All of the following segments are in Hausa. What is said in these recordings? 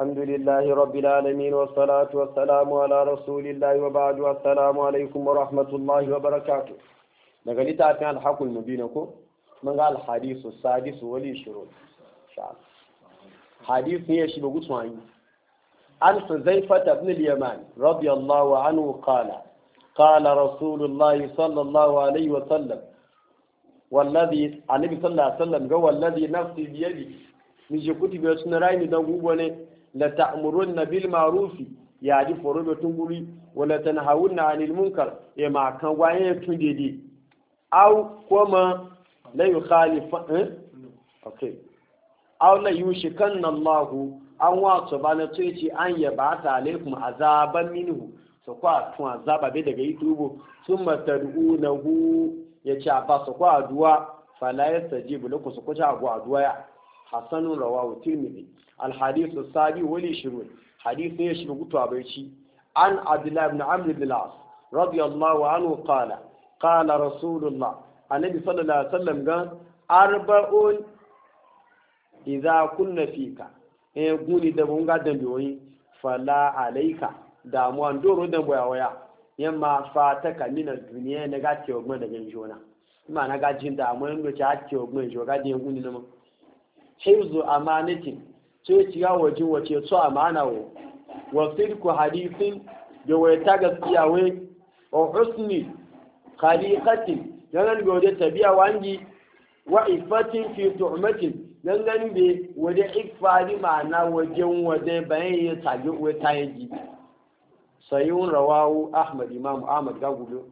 الحمد لله رب العالمين والصلاة والسلام على رسول الله وبعد والسلام عليكم ورحمة الله وبركاته نقل تاتي عن الحق المبين من قال الحديث السادس ولي شروط حديث هي شبه قطعين عن حزيفة بن اليمان رضي الله عنه قال قال رسول الله صلى الله عليه وسلم والذي النبي صلى الله عليه وسلم قال والذي نفسي بيدي مش كتب يسنرين دقوبني la ta'murunna bil ma'rufi ya ji foro da tunguri wala tanhawunna 'anil munkar e ma kan waye tun dede aw kuma la yukhalifa okay aw la yushikanna Allah an wa subhanahu ce an ta alaikum azaban minhu so kwa tun azaba be daga yutubo summa tad'unahu ya ci a ba so kwa aduwa fala yastajibu lakum so kwa aduwa ya hassanin rawawa turmidi alhadisu sabi wani shiru hadisu ya shiru a abinci an abdullahi ibn amr ibn al-as radiyallahu anhu qala qala rasulullah annabi sallallahu alaihi wasallam ga arba'un idza kunna fika e guni da mun ga dan biyoyi fala alayka da mu an doro dan waya yamma fataka min ad-dunya na ga ce ogun da ganjona ma na ga jin da mun do ce ga ce ogun jo ga din guni na hifzu amanati sai ci waje wace su amana wo wa ku hadisin da wai ta gaskiya wai wa husni khaliqati dan gode tabiya wangi wa ifatin fi tu'matin dan gani be waje ifadi ma'ana wajen waje bayan ya tabi wata yaji sayun rawahu ahmad imam ahmad ga gudu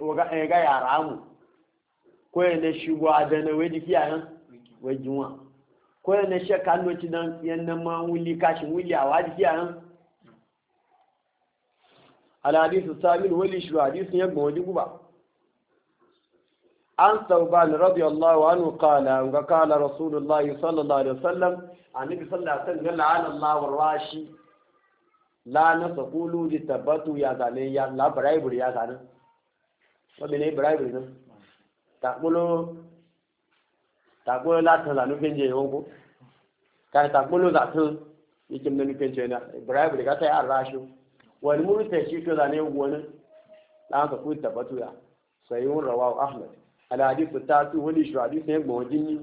waga ga yaramu kwaya na shigo a dana wai jiki a nan wai jinwa kwaya na shaka loci nan yannan ma wuli kashin wuli a wa jiki a nan alhadisu samin wali shi hadisun yabba wani guba an sauban radiyallahu anhu qala ga qala rasulullahi sallallahu alaihi wasallam annabi sallallahu alaihi wasallam la'ana Allah rashi la na sakulu di tabatu ya zane ya la bribery ya zane wa bene bribery nan takpolo takpolo latin la nufin je yonko kai takpolo latin yake na nufin je na ibrahim da kasa ya rashi wani murta shi to zane wani dan ka kuta batuya sayyun rawahu ahmad al hadith tatu wani shi hadith ne gbo jinni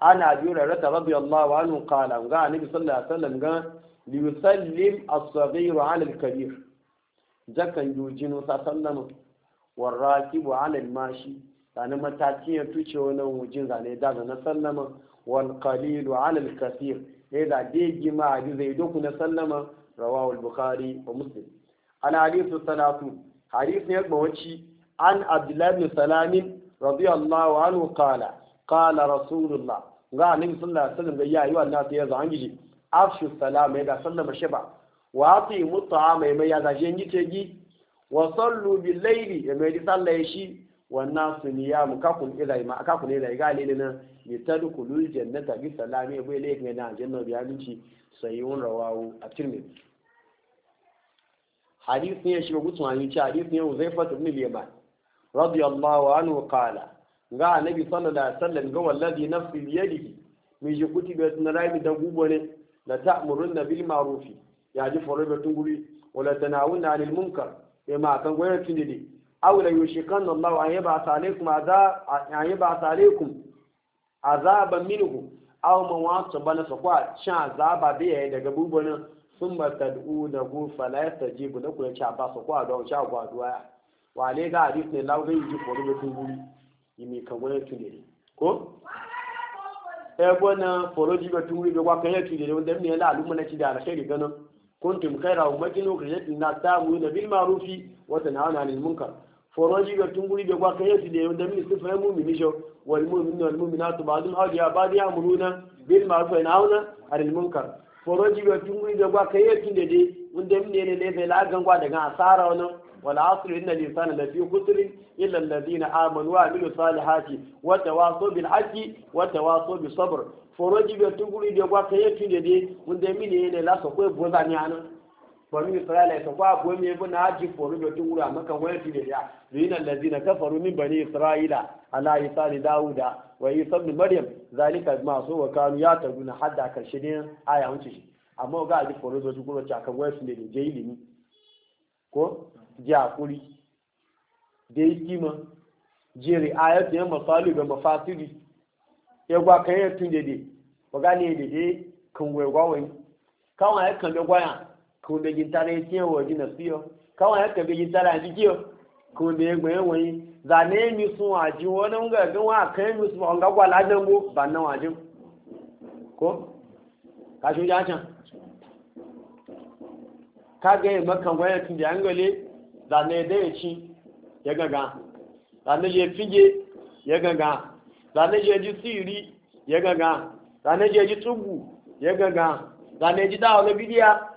ana bi rarata radiyallahu anhu qala ga annabi sallallahu alaihi wasallam ga li yusallim as-saghir 'ala al-kabir zakan yujinu sa sallama sani matakin ya tuce wani wujin zane da na sallama wal qalilu ala al kafir. ya da degi ma abi zai doku na sallama rawahu al bukhari wa muslim an hadithu salatu hadith ne gbawaci an abdullah ibn salam radiyallahu anhu qala qala rasulullah ga nin sallallahu alaihi wasallam ga yayi wannan sai ya zangi afshu salam ya da sallama shiba wa ati mutuwa mai mai ya da jengi tegi wa sallu bil layli ya mai sallah shi wannan su ni ya mukakun irai ma akakun irai ga lele na ni tadkhulul jannata bi salami bu ile ga na janna bi aminci sayyun rawahu a tirmidhi hadith ne shi gutu an yi hadith ne uzaifa ibn al-yaman radiyallahu anhu qala ga annabi sallallahu alaihi wasallam ga wallazi nafsi bi yadihi mi ji kuti be tun rabi da gubo ne la ta'murunna bil ma'ruf ya ji forobe tunguri wala tanawunna 'anil munkar e ma kan goyen tindidi aw la yushikanna Allah an yab'atha alaykum azab an yab'atha alaykum azaban minhu aw man wasa bana sakwa shan azaba bi yayi daga sun bubunan summa tad'u lahu fala yastajibu lahu ya cha ba sakwa don sha gwa duwa wa le ga hadith ne lawo yi ko rubu tunguri yimi kan gwanin tudere ko ebo na foro jibe tunguri be kwa kan ya tudere wanda ne la alumma na ci da alkhairi ganin kuntum khaira ummatin ukhrijat lin-nas ta'muruna bil ma'rufi wa tanhauna 'anil munkar foroji ga tunguri da kwa kai su da yau da min sifa mu min jo wal mu'minu wal mu'minatu ba'dun awliya ba'd ya'muruna bil ma'ruf wa yanhauna 'anil munkar foroji ga tunguri da kwa kai su da dai mun da min ne ne bai lagan kwa daga asara wani wal asr inna al-insana lafi khusr illa alladhina amanu wa 'amilus salihati wa tawasaw bil haqqi wa tawasaw bis sabr foroji ga tunguri da kwa kai su da dai mun da min ne ne la so ko boza ni anan banu isra'ila ka kwa go me bu na haji foru do tun wura maka wani fide ya lina allazina kafaru min bani isra'ila ala isali dauda wa isa ibn maryam zalika ma so wa kanu ya tabuna hadda karshe ne aya wuce amma ga haji foru do tun wura ta ka wani fide ne je ilimi ko je akuri dai kima je ri'ayat ya masali ga mafasidi ya gwa kan ya tun dede wa gane dede kan gwa kawai ya kan da gwaya kunde gintara ya tiyan waje na siyo kawai ya bi gintara ya jikiyo kunde ya gbaye wani zane mi sun waje wani ga gan wa ka mi sun wanga kwa ladan go ba na waje ko ka shi ja can ka ga yi makan gwaya tun da angole zane da ya ci ya gaga zane ya fige ya gaga zane ya ji siri ya gaga zane ya ji tugu ya gaga zane ji dawo na bidiya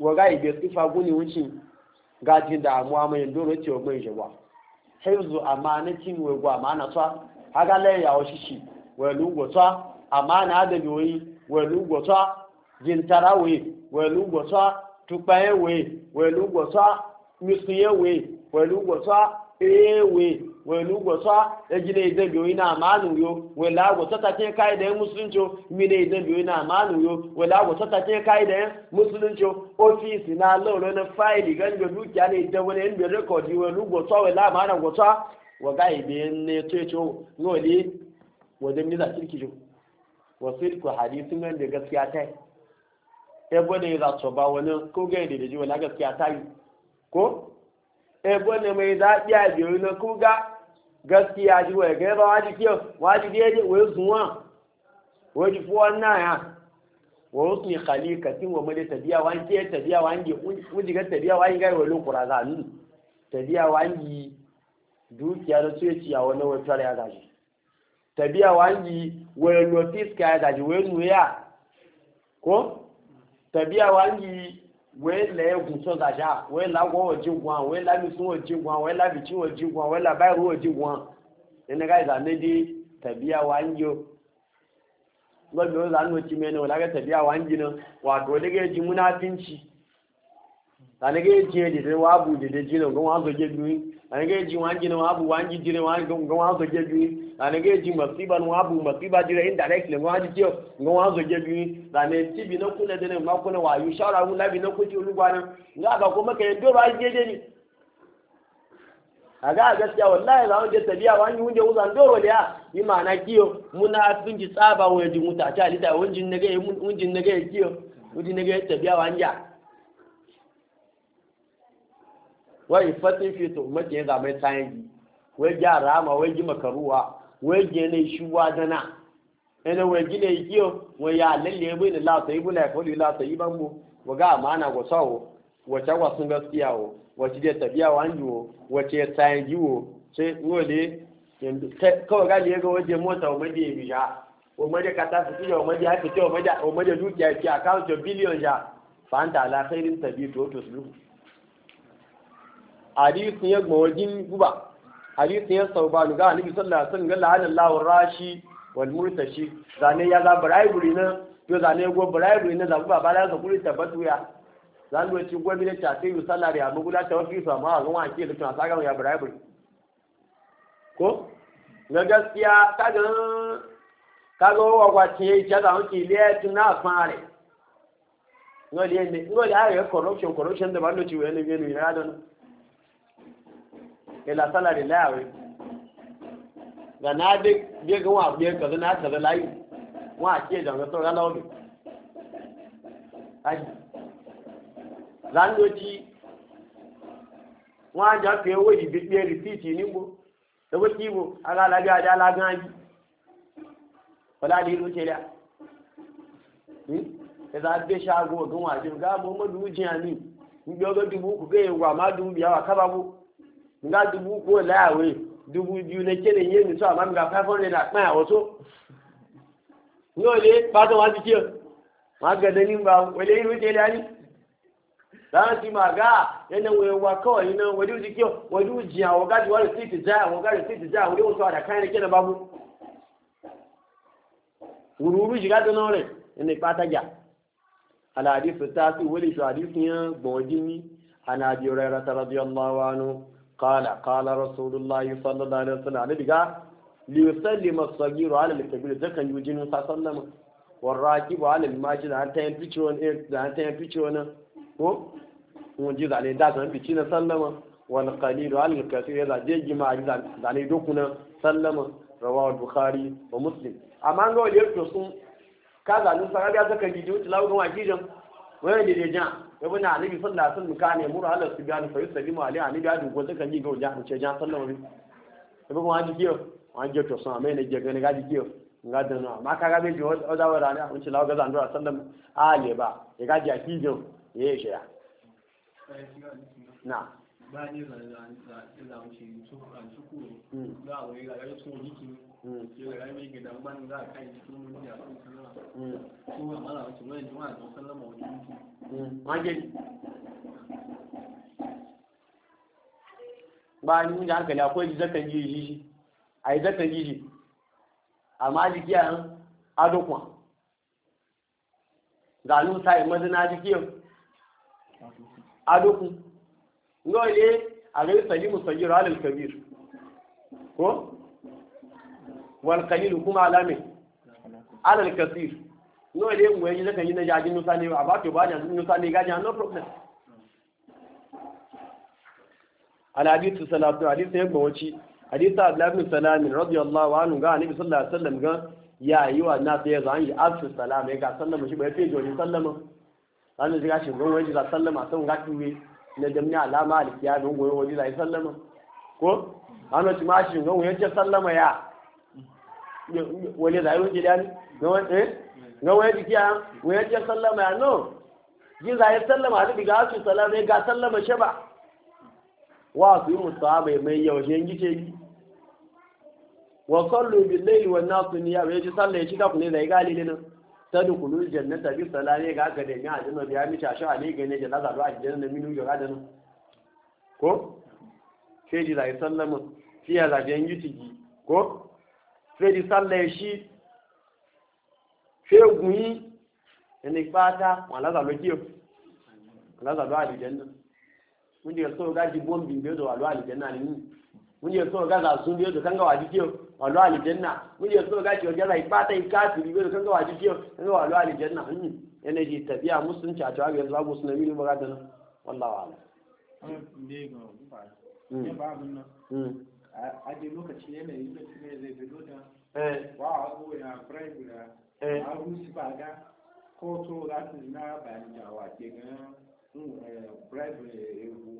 waga ibe sifa guni wucin gajin damuwa mai doro ce wa mai jawa haizu amanatin wego amana tsa haga laya wa shishi welu gotsa amana da yoyi welu gotsa jintarawe welu gotsa tupayewe welu gotsa misuyewe welu gotsa ewe eh wani gwasa ya gina onye na e amalin yo wani lagwasa ta ce kai da yan musulunci mina idan biyoyi na amalin yo wani lagwasa ta ce kai na lauro na fayili gan rekodi wani gwasa wani lamarin gwasa ga ibe ne ce ce nole wajen miza kirki ebe ne za wani na gaskiya ji wai ga ba waji kiyo waji daidai wai zuwa waji fuwa na ya wa rusni tin wa mali tabiya wa anke tabiya wa ange uji ga tabiya wa ga wai lokura za ni tabiya wa ange dukiya da ce ciya wani wai tare ya gaji tabiya wa ange wai notice ka ya gaji wai nuya ko tabiya wa ange wee lee egwu tọgaja wee la agwọ oji gwa wee la bisu oji gwa wee la bichi oji gwa wee labaru bairu oji gwa ene ga za ne di tabiya wanjo ngo do za no chi mene wala ga tabiya wanji no wa do de ga ji munafinci ta ne ga ji de de wa bu de de ji no ngo wa zo je bi ta ne ga ji wanji no wa bu wanji ji ne wa ngo wa zo je bi ge ji masiba no abu masiba jira indirectly ngo haji kio ngo wazo je bi dane tibi na kula dene ma ne wa yu shara mu labi na kuti ulugwana nga ga kuma maka do ba je je ni aga gaskiya wallahi za mu je tabiya wa ni hunje uzan do waliya ni na kiyo muna ji tsaba wa di muta ta lita hunjin nage hunjin nage wonjin ne ge tabiya wa anja wai fatin fito mace ya zama tsayin wai gyara ma wai ji makaruwa wege ne shi wadana ene wege ne yiyo we ya lalle bai da la sai bula ko la sai ban mu waga amana go sawo wace wasun gaskiya wo wace da tabiya wanji wo wace tsayin jiwo sai ngole kawai gali ya ga waje mota wa maje ya bisha wa maje ka tafi kija wa maje haka ce wa maje dukiya ce a kawo ce biliyon ja fanta ala khairin tabi to to sulu Adi ya gba wajen guba hadisi ya ni ga annabi sallallahu alaihi wasallam ga la'anallahu rashi wal murtashi zane ya za guri na to zane go guri na zabu baba la zakuri tabatu ya zan do ci go bile ta sai salari amma guda ta wafi sa ma ga wa ke da ta ga ya guri ko na gaskiya ta ga ka go wa kwa ce ta da hanki le tuna fare le ne ngoli ayo corruption corruption da ba lo ci wani ne ne ya don ila salari layawe ga na dai biya ga wa biya kaza na kaza layi wa ke da ga sauran launi ai landoji wa ja ke wo yi bi biya risiti ni bo da e wo ki bo ala la ga da la ga ji wala di lu ce da da za a be shago wa ji ga mu mu dujiya ni ni ga dubu ku ga wa ma biya wa kaba nga dubu ko laawe dubu biyu ne kene yin ni so amma nga five hundred na kpan awo so nga ole pato wa ti kiyo ma ga dani ba le yi wuce da ni dan ti ma ga yana we wa ko ina wadi wuce kiyo wadi wuce ya wa ga ti wa ti ti za wa ga ti ti za wadi wuce da kan kene babu wururu shiga da nore ina pata ja ala hadithu ta su wali shi hadithu ya gbojini ana bi rayra radiyallahu anhu qala qala rasulullahi sallallahu alaihi wasallam ne diga masu yusallima as-saghiru ala da kabir zakan yujinu sa sallama wa raqibu ala al-majid an tayin fice wani an tayin fice wani ko mun ji zalai da fice na sallama wal qalilu ala al-kathir ya zaje jima zalai dokuna sallama rawahu bukhari wa muslim amma sun kaza ibn ali bi sallallahu alaihi wasallam ka yamuru ala sibyan fa yusallimu alaihi ani da dugo zaka ji ga wajen ce jan sallama bi ibn wa ji kiyo wa ji to sama mai ne je ga ne ga da na ma ka ga bai ji o da wara ne mun ci lawa ga zan dora a ba ya ya yi báyìí ìlà òṣèlú tó àṣùkù láàwọ̀ ìlà yóò tó oníkì tí ó rẹ̀ ẹ̀mí ìgbẹ̀dà gbá ní láàká ìdí tó ní àkókò náà tó wà má làwọn tìwọ́n da àjọ sálọ́mọ̀ ọdún tó. wọ́n jẹ́ ba da hankali akwai zakan ji shi a yi zakan jiri amma jiki a adokwa ga yi mazina jiki adokun ngole a gari salimu sagiru alal kabir ko wal qalilu kuma alamin alal kabir, ngole ngwe yi zakan yi na jaji nusa ne a bato ba jaji nusa ne gaji no problem al hadithu salatu hadithu yabba wace hadithu abdullah ibn salam radiyallahu anhu ga annabi sallallahu alaihi wasallam ga ya yi wa na sai zan yi asu salama ga sallama shi bai fi jori sallama zan ji gashi gon wai ji sallama sun ga kiwe na jamni alama kiya don goyon waje zai sallama ko ana ci mashi ga wuyan ce sallama ya Wani zai wuce dani ga wuyan eh? jiki ya wuyan ce sallama ya no ji zai sallama a diga su sallama ga sallama shi ba wa su yi musaba mai yaushe gice yi wa sallu bi layli wan nas niya ya ci sallama ya ci ku ne zai ga lilin ta da kulul jannata bi salame ga aka da mi aljanna biya mi tashi ale ga ne jalla zaru aljanna mi nu ga danu ko sai ji zai sallama fiya da biyan yutigi ko sai ji sallaye shi sai gunyi ne pata wala za lo kiyo wala za lo aljanna mun da so ga ji bombin be do aljanna ne mun yi so ga za sun biyo da kanga waji kiyo walu aljanna mun yi so ga kiyo ga zai bata yi kafiri biyo da kanga waji kiyo kanga walu aljanna hin yana ji tabiya musun ta ta ga zabu sun nabi ba ga dana wallahi wala ne ga ba ba abun nan a je lokaci yanayi da ne zai bido da wa a go ya bribe guda a rusi ba ga ko to za su na bayan jawa ke ga bribe ewu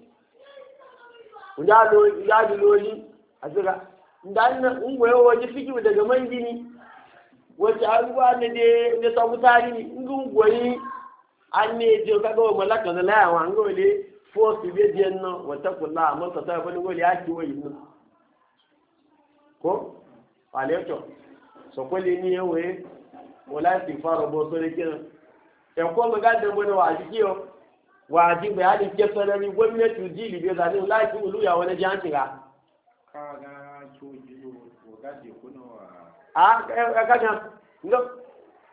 njaji loli a tsira ndan ngwe waje fiki daga man gini wace aruwa ne da ne ta mutari ni ngu ngwai an ne je ka ga malaka na la wa ngole fosi be den no wata kula mun ta ta bani ngole aki wai no ko wale to so kwale ni yewe wala ti faro bo so le kiran e ko ga da bani wa ajiyo waji bayani ke sanani gwamnati jili bai zane lafi uluya wani jihanci ga a kaga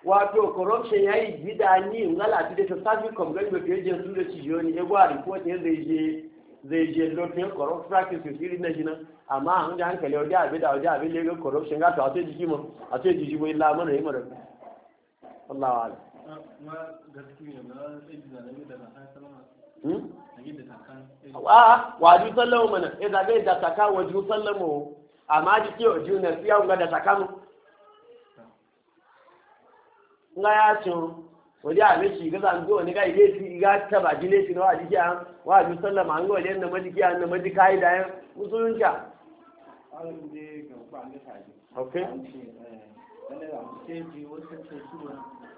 wato corruption ya yi bi da ni ngala ti da sabi komgani ba fiye jinsu da ciyoni ego a report ne zai je zai je lotin corrupt practices iri na jina amma an ga hankali wajen bi da wajen abin bi corruption ga to a sai jiki mu a sai jiki mu illa mana yi mara Allah wa'ala Hmm? a ah, ah, waju sallama mana e zage da saka waju sallama amma ji ke waju na fiya nga da saka mu nga ya cin wadi a leshi ga zan zo ne ga ile fi ga ta ba jile shi na waju ke an waju sallama an gode na madiki an na madika yi da yan musulunci okay